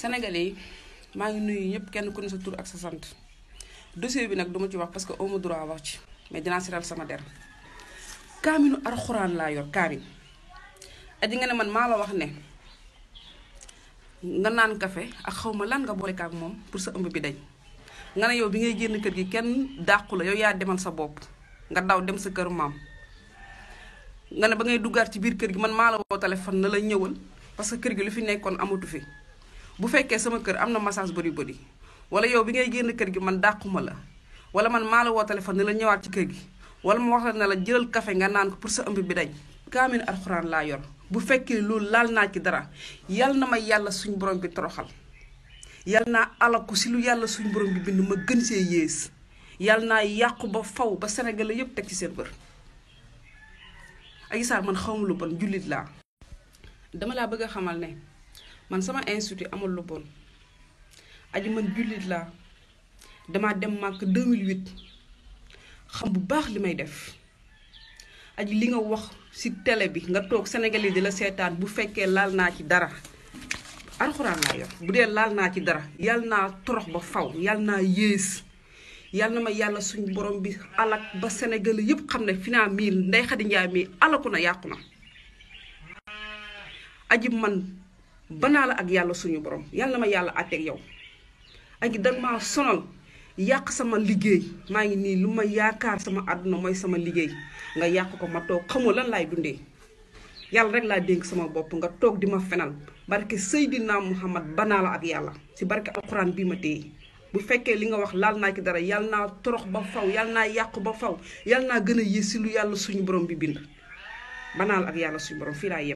sénégalais yi maa ngi nuyu ñëpp kenn ku ne sa tur ak sa sant dossier bi nag duma ci wax parce que amu droit wax ci mais dinaa seetal sama der kaaminu alxuraan laa yor kaamin aji nga ne man maa la wax ne nga naan kafe ak xaw ma lan nga boole moom pour sa ëmb bi dañ nga ne yow bi ngay génn kër gi kenn dàqu la yow yaa demal sa bopp nga daw dem sa kër maam nga ne ba ngay duggaat ci biir kër gi man maa la woo téléphone na la ñëwal parce que kër gi lu fi nekkoon amatu fi bu fekkee sama kër am na massage bëri bëri wala yow bi ngay génn kër gi man dàquma la wala man maa la woo téléphone la ñëwaat ci kër gi wala ma wax la ne la jëlal kafe nga naan ko pour sa ëmb bi dañ kaamil alxuraan laa yor bu fekkee loolu laal naa ci dara yal na ma yàlla suñu borom bi toroxal yal naa alaku si lu yàlla suñu borom bi bind ma gën see yées yal naa yàqu ba faw ba senegal la yëpp teg ci seen bër Adji Sarr man xawma lu bon jullit laa laa bëgg a xamal ne man sama institut amul la bon aji man jullit laa dama dem màkk 2008 xam bu baax li may def aji li nga wax ci tele bi nga toog Sénégalais di la seetaan bu fekkee laal naa ci dara alxuraan laa bu dee laal naa ci dara yàlla naa torox ba faw yàlla naa yées yàlla na ma yàlla suñ borom bi alak ba Sénégal yëpp xam ne finaa mii Ndeye Khady Ndiaye mii alaku na yàqu na aji man banaa la ak yàlla suñu borom yàlla ma yàlla àtteeg yow ak danga maa sonal yàq sama liggéey maa ngi nii lu ma yaakaar sama àdduna mooy sama liggéey nga yàq ko ma toog xamoo lan laay dundee yàlla rek laa dénk sama bopp nga toog di ma fenal barke Seydina Muhammad banaa la ak yàlla si barke alxuraan bii ma téye bu fekkee li nga wax laal naa ki dara yàlla naa torox ba faw yàlla naa yàqu ba faw yàlla naa gën a yées si lu yàlla suñu borom bi bind banaa la ak yàlla suñu borom fii